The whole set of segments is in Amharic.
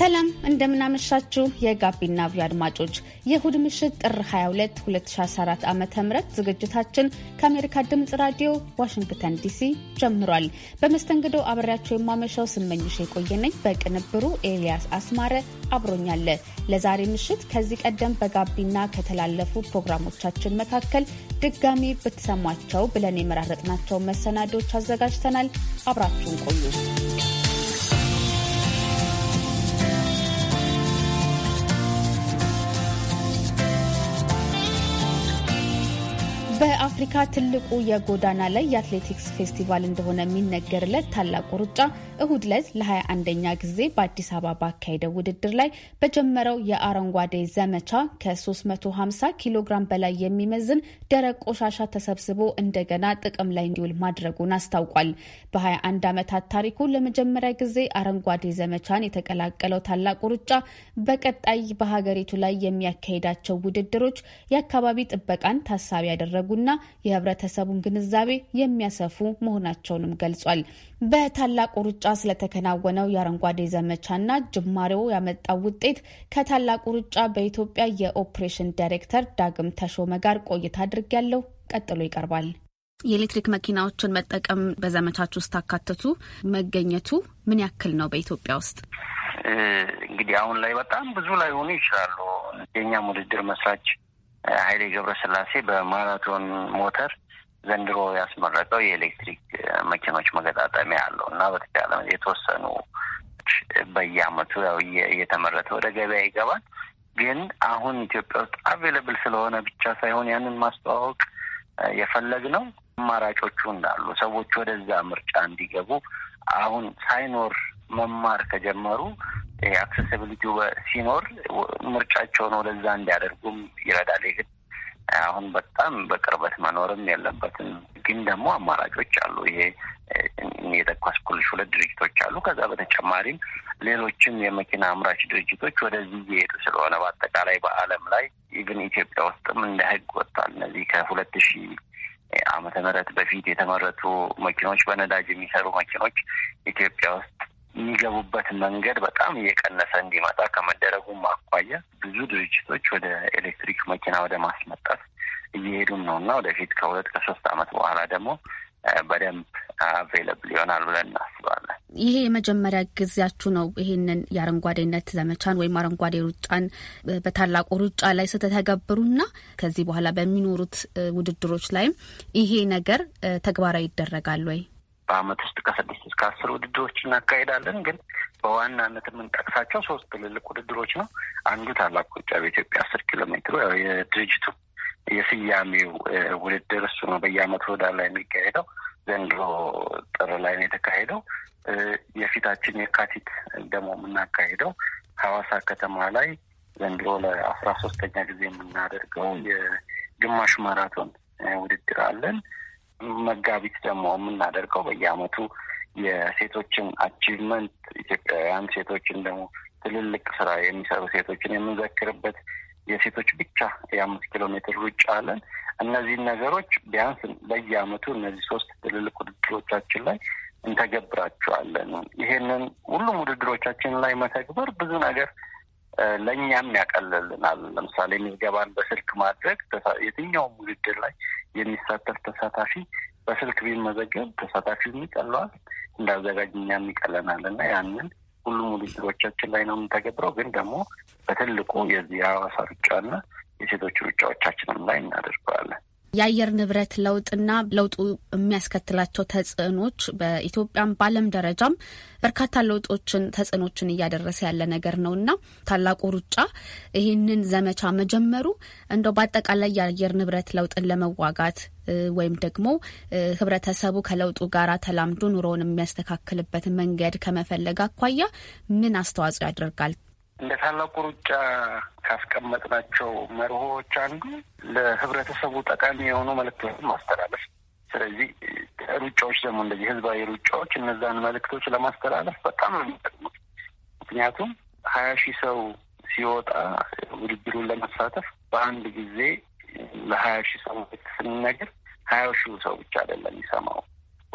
ሰላም እንደምናመሻችሁ የጋቢና ቪ አድማጮች የእሁድ ምሽት ጥር 22 2014 ዓ ም ዝግጅታችን ከአሜሪካ ድምፅ ራዲዮ ዋሽንግተን ዲሲ ጀምሯል። በመስተንግዶ አብሬያቸው የማመሻው ስመኝሽ የቆየነኝ፣ በቅንብሩ ኤልያስ አስማረ አብሮኛለ። ለዛሬ ምሽት ከዚህ ቀደም በጋቢና ከተላለፉ ፕሮግራሞቻችን መካከል ድጋሚ ብትሰሟቸው ብለን የመራረጥናቸው መሰናዶች አዘጋጅተናል። አብራችሁን ቆዩ። በአፍሪካ ትልቁ የጎዳና ላይ የአትሌቲክስ ፌስቲቫል እንደሆነ የሚነገርለት ታላቁ ሩጫ እሁድ ዕለት ለ21ኛ ጊዜ በአዲስ አበባ ባካሄደው ውድድር ላይ በጀመረው የአረንጓዴ ዘመቻ ከ350 ኪሎ ግራም በላይ የሚመዝን ደረቅ ቆሻሻ ተሰብስቦ እንደገና ጥቅም ላይ እንዲውል ማድረጉን አስታውቋል። በ21 ዓመታት ታሪኩ ለመጀመሪያ ጊዜ አረንጓዴ ዘመቻን የተቀላቀለው ታላቁ ሩጫ በቀጣይ በሀገሪቱ ላይ የሚያካሄዳቸው ውድድሮች የአካባቢ ጥበቃን ታሳቢ ያደረጉና የህብረተሰቡን ግንዛቤ የሚያሰፉ መሆናቸውንም ገልጿል። በታላቁ ሩጫ ስለተከናወነው የአረንጓዴ ዘመቻና ጅማሬው ያመጣው ውጤት ከታላቁ ሩጫ በኢትዮጵያ የኦፕሬሽን ዳይሬክተር ዳግም ተሾመ ጋር ቆይታ አድርጊያለሁ። ቀጥሎ ይቀርባል። የኤሌክትሪክ መኪናዎችን መጠቀም በዘመቻች ውስጥ አካተቱ መገኘቱ ምን ያክል ነው? በኢትዮጵያ ውስጥ እንግዲህ አሁን ላይ በጣም ብዙ ላይ ሆኑ ይችላሉ። የኛም ውድድር መስራች ኃይሌ ገብረስላሴ በማራቶን ሞተር ዘንድሮ ያስመረቀው የኤሌክትሪክ መኪኖች መገጣጠሚያ አለው እና በተቻለ የተወሰኑ በየአመቱ ያው እየተመረተ ወደ ገበያ ይገባል። ግን አሁን ኢትዮጵያ ውስጥ አቬለብል ስለሆነ ብቻ ሳይሆን ያንን ማስተዋወቅ የፈለግ ነው። አማራጮቹ እንዳሉ ሰዎች ወደዛ ምርጫ እንዲገቡ አሁን ሳይኖር መማር ከጀመሩ የአክሴሲቢሊቲ ሲኖር ምርጫቸውን ወደዛ እንዲያደርጉም ይረዳል። የግድ አሁን በጣም በቅርበት መኖርም የለበትም። ግን ደግሞ አማራጮች አሉ። ይሄ የጠቀስኩልሽ ሁለት ድርጅቶች አሉ። ከዛ በተጨማሪም ሌሎችም የመኪና አምራች ድርጅቶች ወደዚህ እየሄዱ ስለሆነ በአጠቃላይ በዓለም ላይ ኢቭን ኢትዮጵያ ውስጥም እንደ ህግ ወጥቷል። እነዚህ ከሁለት ሺህ ዓመተ ምህረት በፊት የተመረቱ መኪኖች በነዳጅ የሚሰሩ መኪኖች ኢትዮጵያ ውስጥ የሚገቡበት መንገድ በጣም እየቀነሰ እንዲመጣ ከመደረጉም አኳያ ብዙ ድርጅቶች ወደ ኤሌክትሪክ መኪና ወደ ማስመጣት እየሄዱም ነው እና ወደፊት ከሁለት ከሶስት ዓመት በኋላ ደግሞ በደንብ አቬለብል ይሆናል ብለን እናስባለን። ይሄ የመጀመሪያ ጊዜያችሁ ነው ይሄንን የአረንጓዴነት ዘመቻን ወይም አረንጓዴ ሩጫን በታላቁ ሩጫ ላይ ና ከዚህ በኋላ በሚኖሩት ውድድሮች ላይም ይሄ ነገር ተግባራዊ ይደረጋል ወይ? በአመት ውስጥ ከስድስት እስከ አስር ውድድሮች እናካሄዳለን። ግን በዋናነት የምንጠቅሳቸው ሶስት ትልልቅ ውድድሮች ነው። አንዱ ታላቅ ሩጫ በኢትዮጵያ አስር ኪሎ ሜትሩ ያው የድርጅቱ የስያሜው ውድድር እሱ ነው። በየአመቱ ህዳር ላይ የሚካሄደው ዘንድሮ ጥር ላይ ነው የተካሄደው። የፊታችን የካቲት ደግሞ የምናካሄደው ሀዋሳ ከተማ ላይ ዘንድሮ ለአስራ ሶስተኛ ጊዜ የምናደርገው የግማሽ ማራቶን ውድድር አለን። መጋቢት ደግሞ የምናደርገው በየአመቱ የሴቶችን አቺቭመንት ኢትዮጵያውያን ሴቶችን ደግሞ ትልልቅ ስራ የሚሰሩ ሴቶችን የምንዘክርበት የሴቶች ብቻ የአምስት ኪሎ ሜትር ሩጫ አለን። እነዚህን ነገሮች ቢያንስ በየአመቱ እነዚህ ሶስት ትልልቅ ውድድሮቻችን ላይ እንተገብራቸዋለን። ይሄንን ሁሉም ውድድሮቻችን ላይ መተግበር ብዙ ነገር ለእኛም ያቀልልናል። ለምሳሌ ምዝገባን በስልክ ማድረግ የትኛውም ውድድር ላይ የሚሳተፍ ተሳታፊ በስልክ ቢመዘገብ ተሳታፊ ይቀለዋል፣ እንደ እኛም ይቀለናል እና ያንን ሁሉም ውድድሮቻችን ላይ ነው የምንተገብረው። ግን ደግሞ በትልቁ የዚህ የሐዋሳ ሩጫና የሴቶች ሩጫዎቻችንም ላይ እናደርገዋለን። የአየር ንብረት ለውጥና ለውጡ የሚያስከትላቸው ተጽዕኖች በኢትዮጵያም በዓለም ደረጃም በርካታ ለውጦችን ተጽዕኖችን እያደረሰ ያለ ነገር ነው እና ታላቁ ሩጫ ይህንን ዘመቻ መጀመሩ እንደው በአጠቃላይ የአየር ንብረት ለውጥን ለመዋጋት ወይም ደግሞ ህብረተሰቡ ከለውጡ ጋር ተላምዶ ኑሮውን የሚያስተካክልበት መንገድ ከመፈለግ አኳያ ምን አስተዋጽኦ ያደርጋል? እንደ ታላቁ ሩጫ ካስቀመጥናቸው መርሆዎች አንዱ ለህብረተሰቡ ጠቃሚ የሆኑ መልክቶችን ማስተላለፍ። ስለዚህ ሩጫዎች ደግሞ እንደዚህ ህዝባዊ ሩጫዎች እነዛን መልእክቶች ለማስተላለፍ በጣም ነው የሚጠቅሙት። ምክንያቱም ሀያ ሺህ ሰው ሲወጣ ውድድሩን ለመሳተፍ በአንድ ጊዜ ለሀያ ሺህ ሰው መልእክት ስንነግር ሀያ ሺው ሰው ብቻ አይደለም የሚሰማው።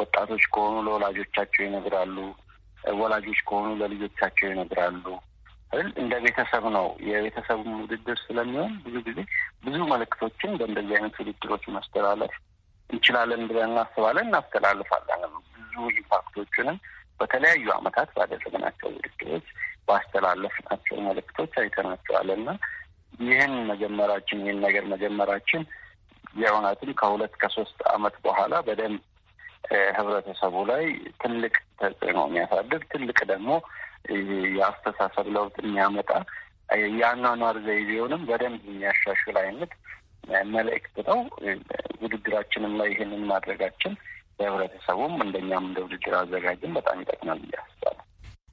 ወጣቶች ከሆኑ ለወላጆቻቸው ይነግራሉ። ወላጆች ከሆኑ ለልጆቻቸው ይነግራሉ። እንደ ቤተሰብ ነው። የቤተሰብ ውድድር ስለሚሆን ብዙ ጊዜ ብዙ መልእክቶችን በእንደዚህ አይነት ውድድሮች ማስተላለፍ እንችላለን ብለን እናስባለን፣ እናስተላልፋለንም ብዙ ኢምፓክቶችንም በተለያዩ አመታት ባደረግናቸው ውድድሮች ባስተላለፍናቸው መልእክቶች አይተናቸዋልና ይህን መጀመራችን ይህን ነገር መጀመራችን የእውነትም ከሁለት ከሶስት አመት በኋላ በደንብ ህብረተሰቡ ላይ ትልቅ ተጽዕኖ የሚያሳድር ትልቅ ደግሞ የአስተሳሰብ ለውጥ የሚያመጣ የአኗኗር ዘይቤውንም በደንብ የሚያሻሽል አይነት መልእክት ነው። ውድድራችንም ላይ ይህንን ማድረጋችን ለህብረተሰቡም እንደኛም እንደ ውድድር አዘጋጅም በጣም ይጠቅማል ብዬ አስባለሁ።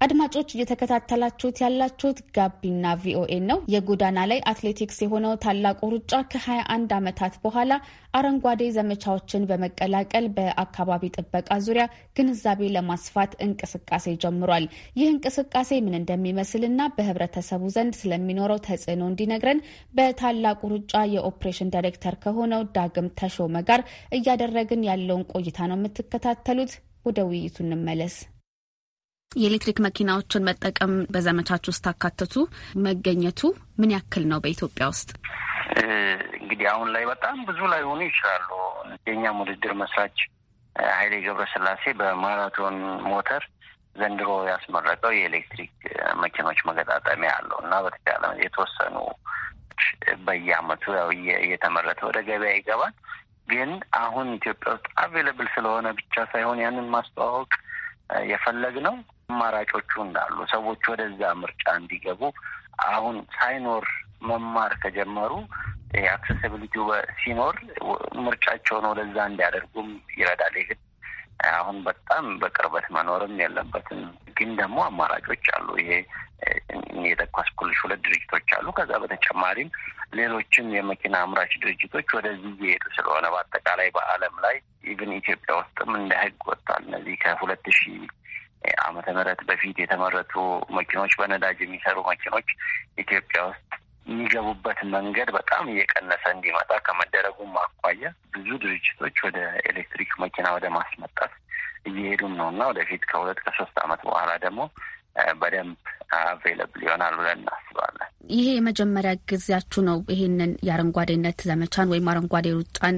አድማጮች እየተከታተላችሁት ያላችሁት ጋቢና ቪኦኤ ነው። የጎዳና ላይ አትሌቲክስ የሆነው ታላቁ ሩጫ ከ21 ዓመታት በኋላ አረንጓዴ ዘመቻዎችን በመቀላቀል በአካባቢ ጥበቃ ዙሪያ ግንዛቤ ለማስፋት እንቅስቃሴ ጀምሯል። ይህ እንቅስቃሴ ምን እንደሚመስልና በህብረተሰቡ ዘንድ ስለሚኖረው ተጽዕኖ እንዲነግረን በታላቁ ሩጫ የኦፕሬሽን ዳይሬክተር ከሆነው ዳግም ተሾመ ጋር እያደረግን ያለውን ቆይታ ነው የምትከታተሉት። ወደ ውይይቱ እንመለስ። የኤሌክትሪክ መኪናዎችን መጠቀም በዘመቻች ውስጥ አካተቱ መገኘቱ ምን ያክል ነው በኢትዮጵያ ውስጥ? እንግዲህ አሁን ላይ በጣም ብዙ ላይ ሆኑ ይችላሉ። የኛም ውድድር መስራች ኃይሌ ገብረስላሴ በማራቶን ሞተር ዘንድሮ ያስመረቀው የኤሌክትሪክ መኪኖች መገጣጠሚያ አለው እና በተቻለ የተወሰኑ በየአመቱ ያው እየተመረተ ወደ ገበያ ይገባል። ግን አሁን ኢትዮጵያ ውስጥ አቬለብል ስለሆነ ብቻ ሳይሆን ያንን ማስተዋወቅ የፈለግ ነው አማራጮቹ እንዳሉ ሰዎች ወደዛ ምርጫ እንዲገቡ አሁን ሳይኖር መማር ከጀመሩ አክሴሲቢሊቲው ሲኖር ምርጫቸውን ወደዛ እንዲያደርጉም ይረዳል። ይህ አሁን በጣም በቅርበት መኖርም የለበትም። ግን ደግሞ አማራጮች አሉ። ይሄ የጠቀስኩልሽ ሁለት ድርጅቶች አሉ። ከዛ በተጨማሪም ሌሎችም የመኪና አምራች ድርጅቶች ወደዚህ እየሄዱ ስለሆነ በአጠቃላይ በዓለም ላይ ኢቭን ኢትዮጵያ ውስጥም እንደ ህግ ወጥቷል። እነዚህ ከሁለት ሺህ ዓመተ ምህረት በፊት የተመረቱ መኪኖች በነዳጅ የሚሰሩ መኪኖች ኢትዮጵያ ውስጥ የሚገቡበት መንገድ በጣም እየቀነሰ እንዲመጣ ከመደረጉም አኳያ ብዙ ድርጅቶች ወደ ኤሌክትሪክ መኪና ወደ ማስመጣት እየሄዱም ነው እና ወደፊት ከሁለት ከሶስት ዓመት በኋላ ደግሞ በደንብ አቬለብል ይሆናል ብለን እናስባለን። ይሄ የመጀመሪያ ጊዜያችሁ ነው ይሄንን የአረንጓዴነት ዘመቻን ወይም አረንጓዴ ሩጫን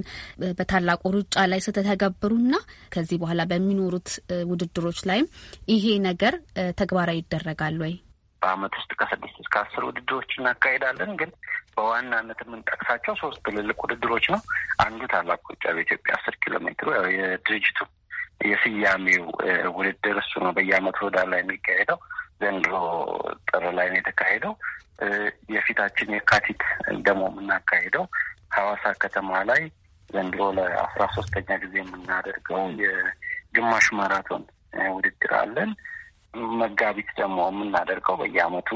በታላቁ ሩጫ ላይ ስትተገብሩና ከዚህ በኋላ በሚኖሩት ውድድሮች ላይም ይሄ ነገር ተግባራዊ ይደረጋል ወይ? በአመት ውስጥ ከስድስት እስከ አስር ውድድሮች እናካሄዳለን። ግን በዋናነት የምንጠቅሳቸው ሶስት ትልልቅ ውድድሮች ነው። አንዱ ታላቁ ሩጫ በኢትዮጵያ አስር ኪሎ ሜትሩ የድርጅቱ የስያሜው ውድድር እሱ ነው። በየአመቱ ህዳር ላይ የሚካሄደው ዘንድሮ ጥር ላይ ነው የተካሄደው። የፊታችን የካቲት ደግሞ የምናካሄደው ሀዋሳ ከተማ ላይ ዘንድሮ ለአስራ ሶስተኛ ጊዜ የምናደርገው የግማሽ ማራቶን ውድድር አለን። መጋቢት ደግሞ የምናደርገው በየአመቱ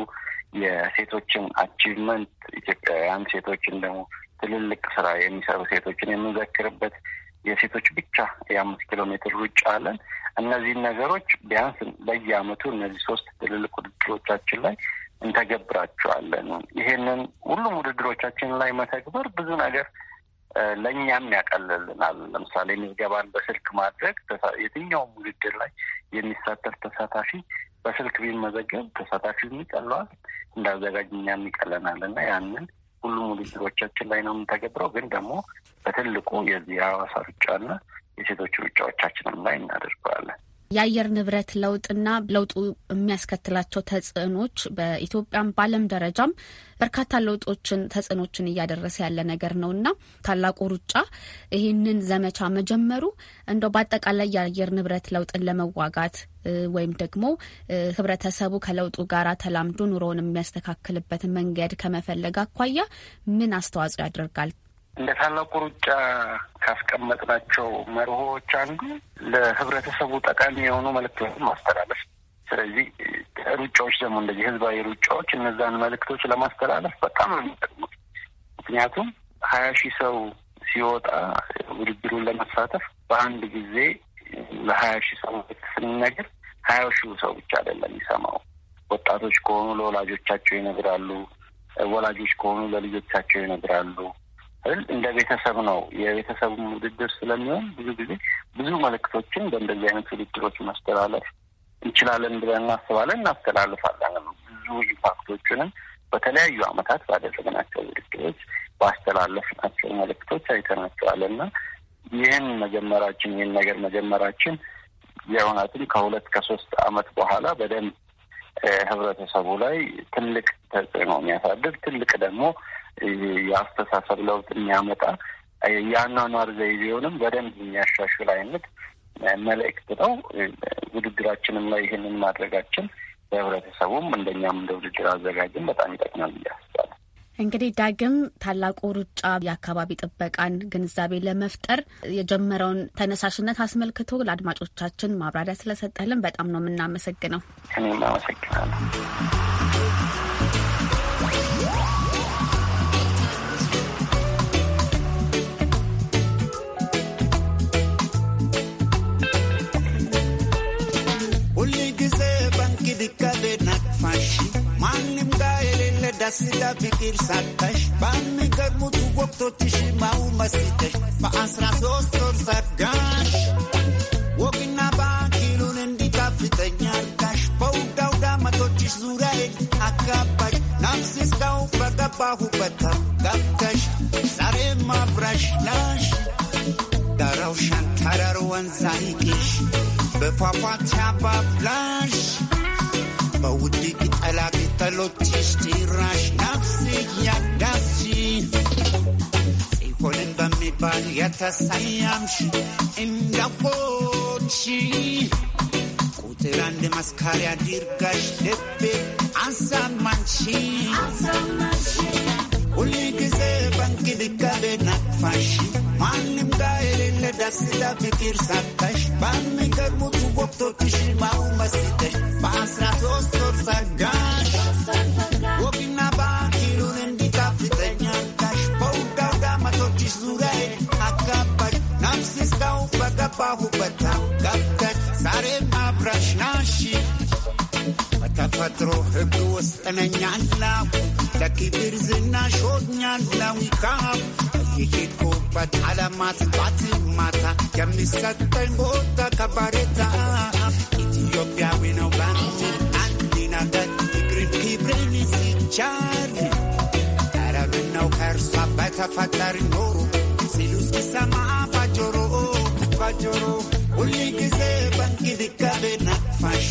የሴቶችን አቺቭመንት ኢትዮጵያውያን ሴቶችን ደግሞ ትልልቅ ስራ የሚሰሩ ሴቶችን የምንዘክርበት የሴቶች ብቻ የአምስት ኪሎ ሜትር ሩጫ አለን። እነዚህን ነገሮች ቢያንስ በየአመቱ እነዚህ ሶስት ትልልቅ ውድድሮቻችን ላይ እንተገብራቸዋለን። ይሄንን ሁሉም ውድድሮቻችን ላይ መተግበር ብዙ ነገር ለእኛም ያቀልልናል። ለምሳሌ ምዝገባን በስልክ ማድረግ የትኛውም ውድድር ላይ የሚሳተፍ ተሳታፊ በስልክ ቢመዘገብ ተሳታፊ ይቀለዋል፣ እንዳዘጋጅ እኛም ይቀለናል እና ያንን ሁሉም ውድድሮቻችን ላይ ነው የምንተገብረው ግን ደግሞ በትልቁ የዚህ የሐዋሳ ሩጫና የሴቶች ሩጫዎቻችንም ላይ እናደርገዋለን። የአየር ንብረት ለውጥና ለውጡ የሚያስከትላቸው ተጽዕኖች በኢትዮጵያም በዓለም ደረጃም በርካታ ለውጦችን ተጽዕኖችን እያደረሰ ያለ ነገር ነው እና ታላቁ ሩጫ ይህንን ዘመቻ መጀመሩ እንደው በአጠቃላይ የአየር ንብረት ለውጥን ለመዋጋት ወይም ደግሞ ህብረተሰቡ ከለውጡ ጋር ተላምዶ ኑሮውን የሚያስተካክልበትን መንገድ ከመፈለግ አኳያ ምን አስተዋጽኦ ያደርጋል? እንደ ታላቁ ሩጫ ካስቀመጥናቸው መርሆዎች አንዱ ለህብረተሰቡ ጠቃሚ የሆኑ መልክቶችን ማስተላለፍ። ስለዚህ ሩጫዎች ደግሞ እንደዚህ ህዝባዊ ሩጫዎች እነዛን መልክቶች ለማስተላለፍ በጣም ነው የሚጠቅሙት። ምክንያቱም ሀያ ሺህ ሰው ሲወጣ ውድድሩን ለመሳተፍ በአንድ ጊዜ ለሀያ ሺህ ሰው ስንነግር ሀያ ሺህ ሰው ብቻ አይደለም የሚሰማው። ወጣቶች ከሆኑ ለወላጆቻቸው ይነግራሉ። ወላጆች ከሆኑ ለልጆቻቸው ይነግራሉ። እንደ ቤተሰብ ነው። የቤተሰብ ውድድር ስለሚሆን ብዙ ጊዜ ብዙ መልእክቶችን በእንደዚህ አይነት ውድድሮች ማስተላለፍ እንችላለን ብለን እናስባለን፣ እናስተላልፋለን። ብዙ ኢምፓክቶችንም በተለያዩ አመታት ባደረግናቸው ውድድሮች ባስተላለፍናቸው መልእክቶች አይተናቸዋል እና ይህን መጀመራችን ይህን ነገር መጀመራችን የእውነትም ከሁለት ከሶስት አመት በኋላ በደንብ ህብረተሰቡ ላይ ትልቅ ተጽዕኖ የሚያሳድር ትልቅ ደግሞ የአስተሳሰብ ለውጥ የሚያመጣ የአኗኗር ዘይቤውንም በደንብ የሚያሻሽል አይነት መልእክት ነው። ውድድራችንም ላይ ይህንን ማድረጋችን ለህብረተሰቡም እንደኛም እንደ ውድድር አዘጋጅም በጣም ይጠቅማል ብዬ አስባለሁ። እንግዲህ ዳግም ታላቁ ሩጫ የአካባቢ ጥበቃን ግንዛቤ ለመፍጠር የጀመረውን ተነሳሽነት አስመልክቶ ለአድማጮቻችን ማብራሪያ ስለሰጠልን በጣም ነው የምናመሰግነው። እኔም አመሰግናለሁ። Sida fikir sartaş Ben mi görmütü voktotiş Askarea dirgaş deppe ansan manşi Uli gize banki dikkate nak faşi Manim gayrelle dasida fikir sattaş Ben mi karbu tuvop totişi mauma siteş Basra sostor sagaş Wokina baki runen dikafite nyantaş Pouka gama totiş zuray akapaş Namsiz baga kapahu batam Kaptaş sarema ተፈጥሮ ሕግ ወስጠነኛላው ለክብር ዝናሾኛላዊ ካብ የሄድኩበት ዓለማት ጧት ማታ የሚሰጠኝ ቦታ ከባሬታ ኢትዮጵያዊ ነው ባንቲ አንድ ነገር ፍቅርን ክብርን ሲቻል ረብነው ከእርሷ በተፈጠር ኖሩ ሲሉ ሲሰማ ባጆሮ ባጆሮ ሁል ጊዜ በእንክብካቤ ነፋሽ!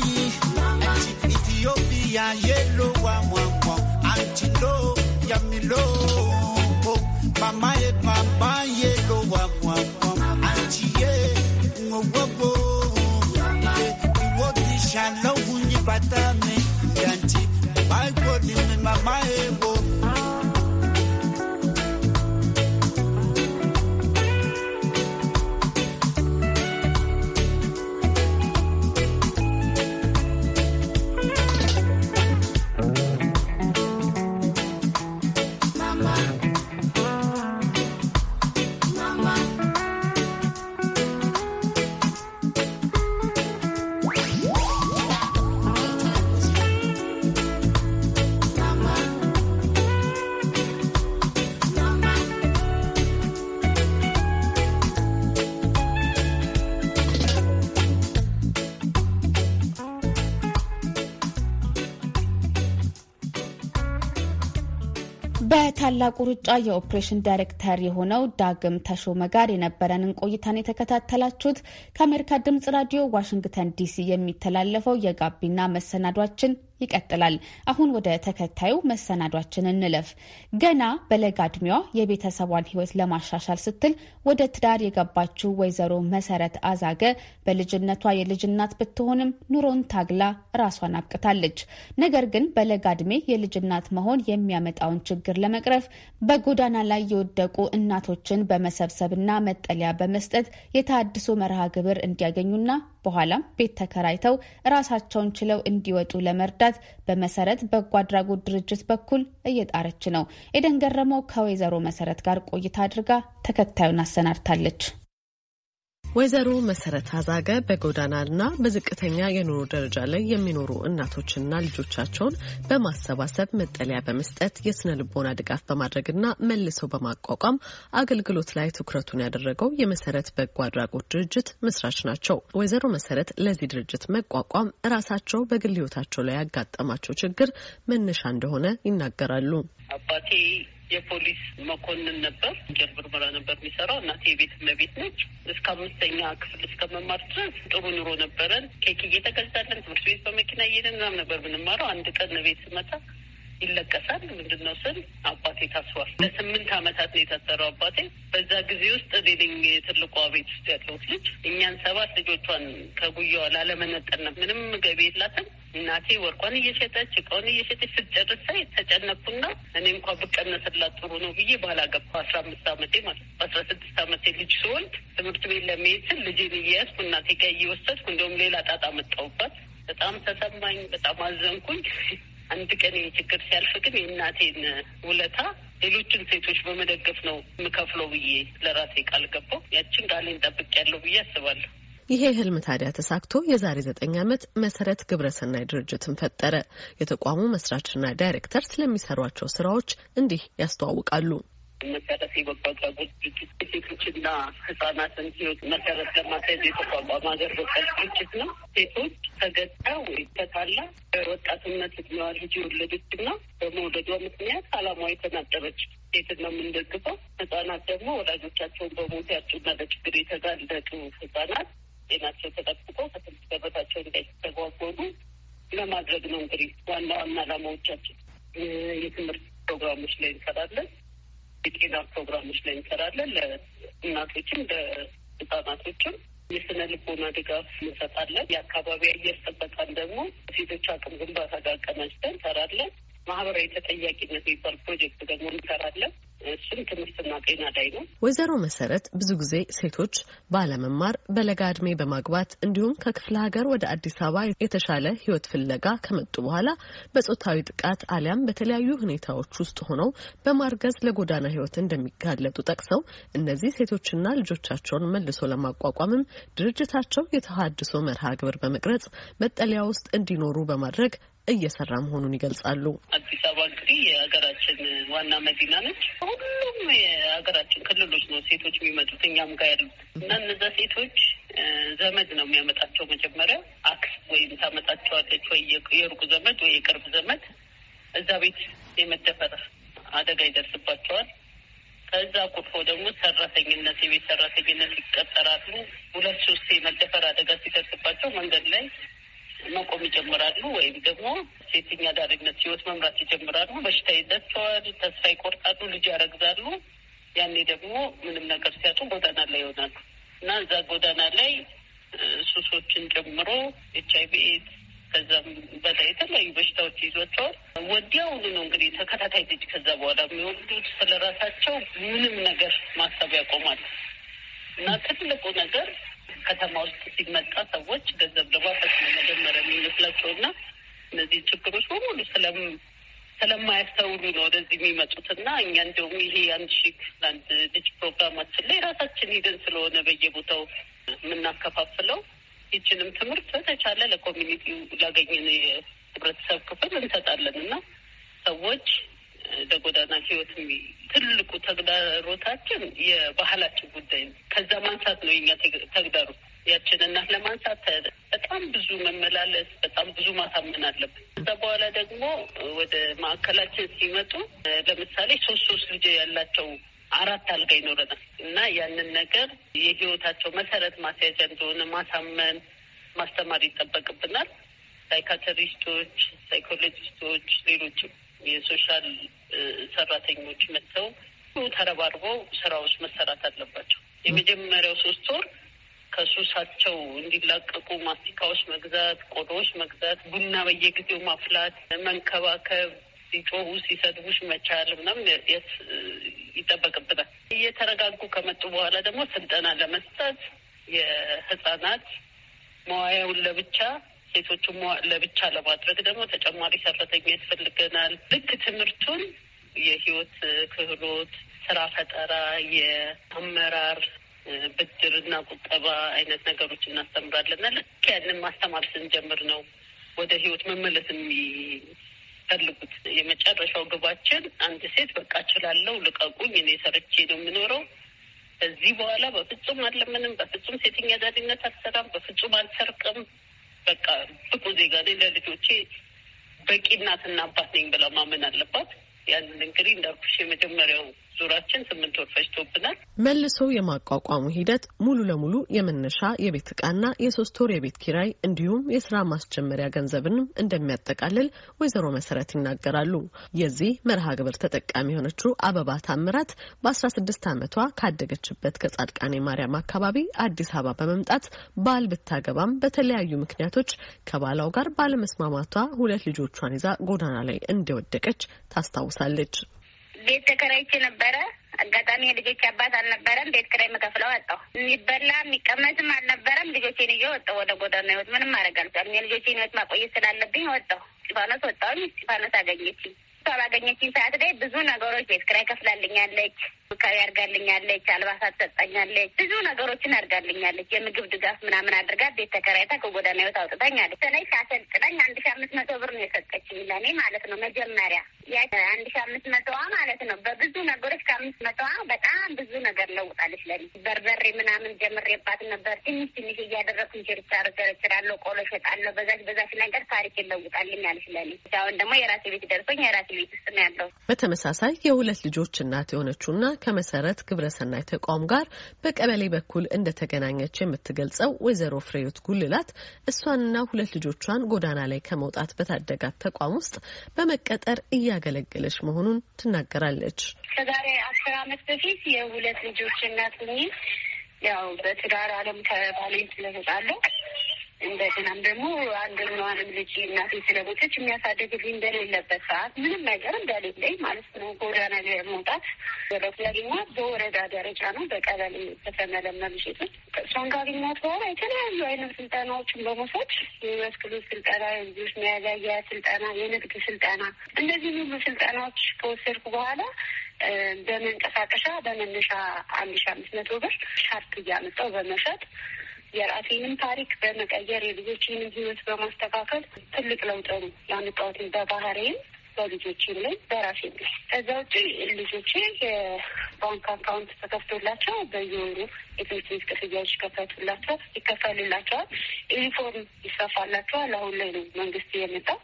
ya yellow wa mwa antilo ya milo mama ye papa yellow wa mwa antie ngogo iwo ti shalom ni batame yanti bai ko ni mama ye ታላቁ ሩጫ የኦፕሬሽን ዳይሬክተር የሆነው ዳግም ተሾመ ጋር የነበረንን ቆይታን የተከታተላችሁት። ከአሜሪካ ድምጽ ራዲዮ ዋሽንግተን ዲሲ የሚተላለፈው የጋቢና መሰናዷችን ይቀጥላል። አሁን ወደ ተከታዩ መሰናዷችን እንለፍ። ገና በለጋ እድሜዋ የቤተሰቧን ህይወት ለማሻሻል ስትል ወደ ትዳር የገባችው ወይዘሮ መሰረት አዛገ በልጅነቷ የልጅ እናት ብትሆንም ኑሮን ታግላ ራሷን አብቅታለች። ነገር ግን በለጋ እድሜ የልጅ እናት መሆን የሚያመጣውን ችግር ለመቅረፍ በጎዳና ላይ የወደቁ እናቶችን በመሰብሰብና መጠለያ በመስጠት የታድሶ መርሃ ግብር እንዲያገኙና በኋላም ቤት ተከራይተው ራሳቸውን ችለው እንዲወጡ ለመርዳት በመሰረት በጎ አድራጎት ድርጅት በኩል እየጣረች ነው። ኤደን ገረመው ከወይዘሮ መሰረት ጋር ቆይታ አድርጋ ተከታዩን አሰናድታለች። ወይዘሮ መሰረት አዛገ በጎዳናና በዝቅተኛ የኑሮ ደረጃ ላይ የሚኖሩ እናቶችና ልጆቻቸውን በማሰባሰብ መጠለያ በመስጠት የስነ ልቦና ድጋፍ በማድረግና መልሰው በማቋቋም አገልግሎት ላይ ትኩረቱን ያደረገው የመሰረት በጎ አድራጎት ድርጅት መስራች ናቸው። ወይዘሮ መሰረት ለዚህ ድርጅት መቋቋም እራሳቸው በግል ላይ ያጋጠማቸው ችግር መነሻ እንደሆነ ይናገራሉ። አባቴ የፖሊስ መኮንን ነበር። ወንጀል ምርመራ ነበር የሚሰራው። እናቴ የቤት እመቤት ነች። እስከ አምስተኛ ክፍል እስከ መማር ድረስ ጥሩ ኑሮ ነበረን። ኬክ እየተገዛለን ትምህርት ቤት በመኪና እየሄድን ምናምን ነበር ምንማረው። አንድ ቀን ቤት ስመጣ ይለቀሳል። ምንድን ነው ስል አባቴ ታስሯል። ለስምንት አመታት ነው የታሰረው አባቴ። በዛ ጊዜ ውስጥ ሌሊኝ ትልቋ ቤት ውስጥ ያለሁት ልጅ እኛን ሰባት ልጆቿን ከጉያዋ ላለመነጠር ነው። ምንም ገቢ የላትም። እናቴ ወርቋን እየሸጠች እቃውን እየሸጠች ስትጨርሳ የተጨነኩና እኔ እንኳ ብቀነስላት ጥሩ ነው ብዬ ባላገባ አስራ አምስት አመቴ ማለት በአስራ ስድስት አመቴ ልጅ ስወልድ ትምህርት ቤት ለመሄድ ስል ልጄን እየያዝኩ እናቴ ጋር እየወሰድኩ እንደውም ሌላ ጣጣ መጣሁባት። በጣም ተሰማኝ። በጣም አዘንኩኝ። አንድ ቀን ይህ ችግር ሲያልፍ ግን የእናቴን ውለታ ሌሎችን ሴቶች በመደገፍ ነው የምከፍለው ብዬ ለራሴ ቃል ገባው። ያችን ቃሌን ያለው ብዬ አስባለሁ። ይሄ ህልም ታዲያ ተሳክቶ የዛሬ ዘጠኝ ዓመት መሰረት ግብረሰናይ ድርጅትን ፈጠረ። የተቋሙ መስራችና ዳይሬክተር ስለሚሰሯቸው ስራዎች እንዲህ ያስተዋውቃሉ። መሰረት የበጎ አድራጎት ድርጅት ሴቶችና ህጻናትን ህይወት መሰረት ለማስያዝ የተቋቋመ ሀገር በቀል ድርጅት ነው። ሴቶች ተገዳ ወይ ተታላ በወጣትነት እድሜዋ ልጅ የወለደች የወለደችና በመውለዷ ምክንያት አላማዋ የተናጠረች ሴትን ነው የምንደግፈው። ህጻናት ደግሞ ወላጆቻቸውን በሞት ያጡና ለችግር የተጋለጡ ህጻናት ጤናቸው ተጠብቆ ከትምህርት ገበታቸው እንዳይስተጓጎሉ ለማድረግ ነው እንግዲህ ዋና ዋና አላማዎቻችን የትምህርት ፕሮግራሞች ላይ እንሰራለን። የጤና ፕሮግራሞች ላይ እንሰራለን። ለእናቶችም ለህጻናቶችም የስነ ልቦና ድጋፍ እንሰጣለን። የአካባቢ አየር ጥበቃን ደግሞ ሴቶች አቅም ግንባታ ጋር ቀናጅተን እንሰራለን። ማህበራዊ ተጠያቂነት የሚባል ፕሮጀክት ደግሞ እንሰራለን። እሱም ትምህርትና ጤና ላይ ነው። ወይዘሮ መሰረት ብዙ ጊዜ ሴቶች ባለመማር በለጋ እድሜ በማግባት እንዲሁም ከክፍለ ሀገር ወደ አዲስ አበባ የተሻለ ህይወት ፍለጋ ከመጡ በኋላ በጾታዊ ጥቃት አሊያም በተለያዩ ሁኔታዎች ውስጥ ሆነው በማርገዝ ለጎዳና ህይወት እንደሚጋለጡ ጠቅሰው እነዚህ ሴቶችና ልጆቻቸውን መልሶ ለማቋቋምም ድርጅታቸው የተሃድሶ መርሃ ግብር በመቅረጽ መጠለያ ውስጥ እንዲኖሩ በማድረግ እየሰራ መሆኑን ይገልጻሉ። አዲስ አበባ እንግዲህ የሀገራችን ዋና መዲና ነች። ሁሉም የሀገራችን ክልሎች ነው ሴቶች የሚመጡት እኛም ጋር ያሉት እና እነዛ ሴቶች ዘመድ ነው የሚያመጣቸው። መጀመሪያ አክስ ወይም ታመጣቸዋለች ወይ የሩቅ ዘመድ ወይ የቅርብ ዘመድ እዛ ቤት የመደፈር አደጋ ይደርስባቸዋል። ከዛ ቁርፎ ደግሞ ሰራተኝነት የቤት ሰራተኝነት ይቀጠራሉ። ሁለት ሶስት የመደፈር አደጋ ሲደርስባቸው መንገድ ላይ መቆም ይጀምራሉ፣ ወይም ደግሞ ሴተኛ አዳሪነት ህይወት መምራት ይጀምራሉ። በሽታ ይዛቸዋል፣ ተስፋ ይቆርጣሉ፣ ልጅ ያረግዛሉ። ያኔ ደግሞ ምንም ነገር ሲያጡ ጎዳና ላይ ይሆናሉ እና እዛ ጎዳና ላይ ሱሶችን ጨምሮ ኤች አይቪ ኤድስ ከዛም በላይ የተለያዩ በሽታዎች ይዟቸዋል። ወዲያውኑ ነው እንግዲህ ተከታታይ ልጅ ከዛ በኋላ የሚወልዱት ራሳቸው ምንም ነገር ማሰብ ያቆማል እና ትልቁ ነገር ከተማ ውስጥ ሲመጣ ሰዎች ገንዘብ ለማፈስ ነው መጀመሪያ የሚመስላቸው እና እነዚህ ችግሮች በሙሉ ስለም ስለማያስተውሉ ነው ወደዚህ የሚመጡት እና እኛ እንዲሁም ይሄ አንድ ሺህ አንድ ልጅ ፕሮግራማችን ላይ ራሳችን ሂደን ስለሆነ በየቦታው የምናከፋፍለው ይችንም ትምህርት በተቻለ ለኮሚኒቲው ላገኘን የህብረተሰብ ክፍል እንሰጣለን እና ሰዎች ለጎዳና ህይወት ትልቁ ተግዳሮታችን የባህላችን ጉዳይ ነው። ከዛ ማንሳት ነው የኛ ተግዳሮ ያችን እናት ለማንሳት በጣም ብዙ መመላለስ፣ በጣም ብዙ ማሳመን አለብን። ከዛ በኋላ ደግሞ ወደ ማዕከላችን ሲመጡ ለምሳሌ ሶስት ሶስት ልጅ ያላቸው አራት አልጋ ይኖረናል እና ያንን ነገር የህይወታቸው መሰረት ማስያዣ እንደሆነ ማሳመን ማስተማር ይጠበቅብናል። ሳይካትሪስቶች፣ ሳይኮሎጂስቶች፣ ሌሎችም የሶሻል ሰራተኞች መጥተው ተረባርበው ስራዎች መሰራት አለባቸው። የመጀመሪያው ሶስት ወር ከሱሳቸው እንዲላቀቁ ማስቲካዎች መግዛት፣ ቆዳዎች መግዛት፣ ቡና በየጊዜው ማፍላት፣ መንከባከብ፣ ሲጮሁ ሲሰድቡሽ መቻል ምናምን ይጠበቅብናል። እየተረጋጉ ከመጡ በኋላ ደግሞ ስልጠና ለመስጠት የህጻናት መዋያውን ለብቻ ሴቶቹ ለብቻ ለማድረግ ደግሞ ተጨማሪ ሰራተኛ ያስፈልገናል። ልክ ትምህርቱን የህይወት ክህሎት፣ ስራ ፈጠራ፣ የአመራር እና ቁጠባ አይነት ነገሮች እናስተምራለን። ልክ ያንን ማስተማር ስንጀምር ነው ወደ ህይወት መመለስ የሚፈልጉት። የመጨረሻው ግባችን አንድ ሴት በቃ እችላለሁ፣ ልቀቁኝ፣ እኔ ሰርቼ ነው የምኖረው ከዚህ በኋላ በፍጹም አለምንም በፍጹም ሴተኛ አዳሪነት አልሰራም፣ በፍጹም አልሰርቅም በቃ ብቁ ዜጋ ነኝ ለልጆቼ በቂ እናትና አባት ነኝ ብላ ማመን አለባት። ያንን እንግዲህ እንዳልኩሽ የመጀመሪያው ዙራችን ስምንት ወር ፈጅቶብናል። መልሶ የማቋቋሙ ሂደት ሙሉ ለሙሉ የመነሻ የቤት እቃና የሶስት ወር የቤት ኪራይ እንዲሁም የስራ ማስጀመሪያ ገንዘብንም እንደሚያጠቃልል ወይዘሮ መሰረት ይናገራሉ። የዚህ መርሃ ግብር ተጠቃሚ የሆነችው አበባ ታምራት በአስራ ስድስት አመቷ ካደገችበት ከጻድቃኔ ማርያም አካባቢ አዲስ አበባ በመምጣት ባል ብታገባም በተለያዩ ምክንያቶች ከባላው ጋር ባለመስማማቷ ሁለት ልጆቿን ይዛ ጎዳና ላይ እንደወደቀች ታስታውሳለች። ቤት ተከራይቼ ነበረ። አጋጣሚ የልጆች አባት አልነበረም። ቤት ኪራይ መከፍለው አጣሁ። የሚበላ የሚቀመስም አልነበረም። ልጆቼን ይዤ ወጣሁ ወደ ጎዳና ህይወት። ምንም ማድረግ አልቻልም። የልጆቼን ህይወት ማቆየት ስላለብኝ ወጣሁ። እስጢፋኖስ ወጣሁኝ። እስጢፋኖስ አገኘችኝ። እሷ ባገኘችኝ ሰዓት ላይ ብዙ ነገሮች ቤት ኪራይ ከፍላልኛለች እንክብካቤ አድርጋልኛለች፣ አልባሳት ሰጣኛለች፣ ብዙ ነገሮችን አድርጋልኛለች። የምግብ ድጋፍ ምናምን አድርጋ ቤት ተከራይታ ከጎዳና ህይወት አውጥታኛለች። ተለይ ሳሰልጥለኝ አንድ ሺ አምስት መቶ ብር ነው የሰጠችኝ ለእኔ ማለት ነው። መጀመሪያ ያ አንድ ሺ አምስት መቶዋ ማለት ነው በብዙ ነገሮች ከአምስት መቶዋ በጣም ብዙ ነገር ለውጣለች ለኔ። በርበሬ ምናምን ጀምሬባት ነበር። ትንሽ ትንሽ እያደረግኩ ችርቻር ችርችራለሁ፣ ቆሎ ሸጣለሁ። በዛች በዛች ነገር ታሪክ ለውጣልኝ አለች ለኔ። አሁን ደግሞ የራሴ ቤት ደርሶኝ የራሴ ቤት ውስጥ ነው ያለው። በተመሳሳይ የሁለት ልጆች እናት የሆነችውና ከመሰረት ግብረሰናይ ተቋም ጋር በቀበሌ በኩል እንደተገናኘች የምትገልጸው ወይዘሮ ፍሬዮት ጉልላት እሷንና ሁለት ልጆቿን ጎዳና ላይ ከመውጣት በታደጋት ተቋም ውስጥ በመቀጠር እያገለገለች መሆኑን ትናገራለች። ከዛሬ አስር ዓመት በፊት የሁለት ልጆች እናት ያው በትዳር አለም ከባሌ ስለተጣለው እንደገናም ደግሞ አንደኛዋንም ልጅ እናቴ ስለሞተች የሚያሳድግልኝ በሌለበት ሰዓት ምንም ነገር እንደሌለኝ ማለት ነው። ጎዳና ላይ መውጣት በበኩላግኛ በወረዳ ደረጃ ነው በቀበሌ ተተመለመ ምሽቶች እሷን ካገኘኋት በኋላ የተለያዩ አይነት ስልጠናዎችን በመውሰድ የመስክሉ ስልጠና፣ ልጆች መያዣያ ስልጠና፣ የንግድ ስልጠና እንደዚህ ሁሉ ስልጠናዎች ከወሰድኩ በኋላ በመንቀሳቀሻ በመነሻ አንድ ሺ አምስት መቶ ብር ሻርፕ እያመጣሁ በመሸጥ የራሴንም ታሪክ በመቀየር የልጆችንም ህይወት በማስተካከል ትልቅ ለውጥ ነው ያመጣሁትን በባህሬም በልጆችም ላይ በራሴም ላይ። ከዛ ውጭ ልጆቼ የባንክ አካውንት ተከፍቶላቸው በየወሩ የትምህርት ቤት ክፍያዎች ይከፈቱላቸው ይከፈልላቸዋል። ዩኒፎርም ይሰፋላቸዋል። አሁን ላይ ነው መንግስት የመጣው።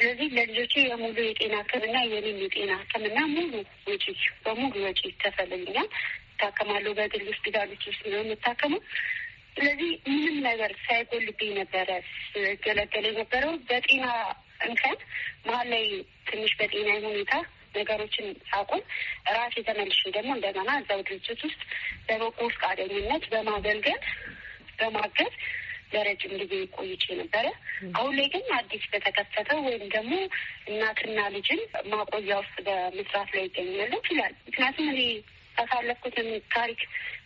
ስለዚህ ለልጆቼ የሙሉ የጤና ሕክምና የኔም የጤና ሕክምና ሙሉ ወጪ በሙሉ ወጪ ይከፈልልኛል። ይታከማሉ በግል ሆስፒታሎች ውስጥ ነው የምታከመው። ስለዚህ ምንም ነገር ሳይጎልብኝ ነበረ ስገለገል የነበረው በጤና እንከን መሀል ላይ ትንሽ በጤና ሁኔታ ነገሮችን ሳቆም ራሴ ተመልሼ ደግሞ እንደገና እዛው ድርጅት ውስጥ በበጎ ፈቃደኝነት በማገልገል በማገዝ ለረጅም ጊዜ ቆይቼ ነበረ። አሁን ላይ ግን አዲስ በተከፈተ ወይም ደግሞ እናትና ልጅን ማቆያ ውስጥ በመስራት ላይ ይገኛለሁ ይላል። ምክንያቱም እኔ ያሳለፍኩትን ታሪክ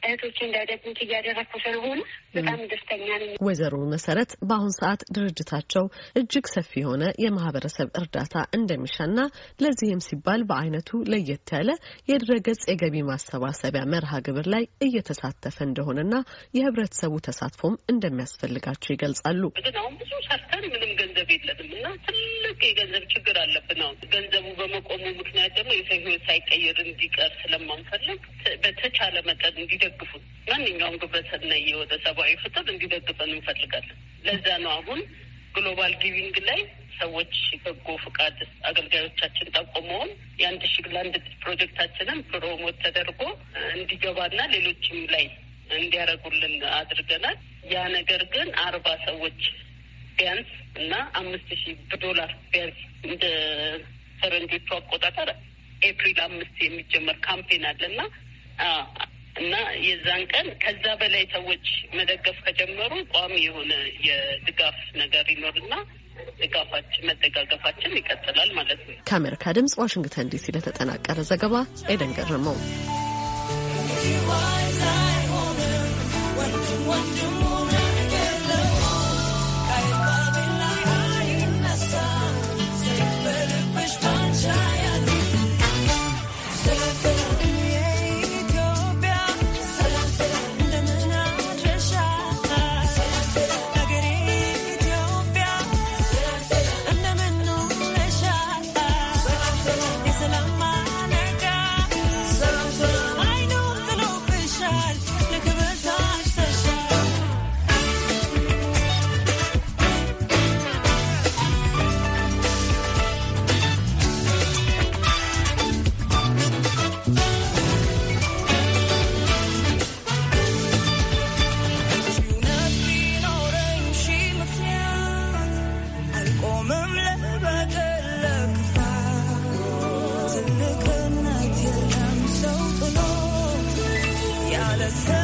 እህቶች እንዳይደግሙት እያደረግኩ ስለሆነ በጣም ደስተኛ ነኝ። ወይዘሮ መሰረት በአሁን ሰዓት ድርጅታቸው እጅግ ሰፊ የሆነ የማህበረሰብ እርዳታ እንደሚሻና ለዚህም ሲባል በአይነቱ ለየት ያለ የድረገጽ የገቢ ማሰባሰቢያ መርሃ ግብር ላይ እየተሳተፈ እንደሆነና የህብረተሰቡ ተሳትፎም እንደሚያስፈልጋቸው ይገልጻሉ። ግን አሁን ብዙ ሰርተን ምንም ገንዘብ የለንም እና ትልቅ የገንዘብ ችግር አለብን። አሁን ገንዘቡ በመቆሙ ምክንያት ደግሞ የሰው ህይወት ሳይቀየር እንዲቀር ስለማንፈልግ በተቻለ መጠን እንዲደግፉ ማንኛውም ግብረሰናይ የሆነ ሰብአዊ ፍጥር እንዲደግፈን እንፈልጋለን። ለዛ ነው አሁን ግሎባል ጊቪንግ ላይ ሰዎች በጎ ፍቃድ አገልጋዮቻችን ጠቆመውን የአንድ ሺ ለአንድ ፕሮጀክታችንን ፕሮሞት ተደርጎ እንዲገባና ሌሎችም ላይ እንዲያደርጉልን አድርገናል። ያ ነገር ግን አርባ ሰዎች ቢያንስ እና አምስት ሺህ ዶላር ቢያንስ እንደ ፈረንጆቹ አቆጣጠር ኤፕሪል አምስት የሚጀመር ካምፔን አለ እና እና የዛን ቀን ከዛ በላይ ሰዎች መደገፍ ከጀመሩ ቋሚ የሆነ የድጋፍ ነገር ይኖርና ድጋፋችን መደጋገፋችን ይቀጥላል ማለት ነው። ከአሜሪካ ድምጽ ዋሽንግተን ዲሲ ለተጠናቀረ ዘገባ ኤደን ገረመው። sun.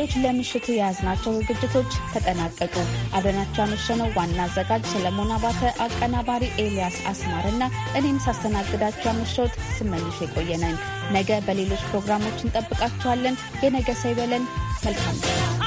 አድማጮች፣ ለምሽቱ የያዝናቸው ዝግጅቶች ተጠናቀቁ። አደናቸው ያመሸነው ዋና አዘጋጅ ሰለሞን አባተ፣ አቀናባሪ ኤልያስ አስማርና እኔም ሳስተናግዳቸው ያመሸሁት ስመኝሽ የቆየነን። ነገ በሌሎች ፕሮግራሞች እንጠብቃችኋለን። የነገ ሰይበለን መልካም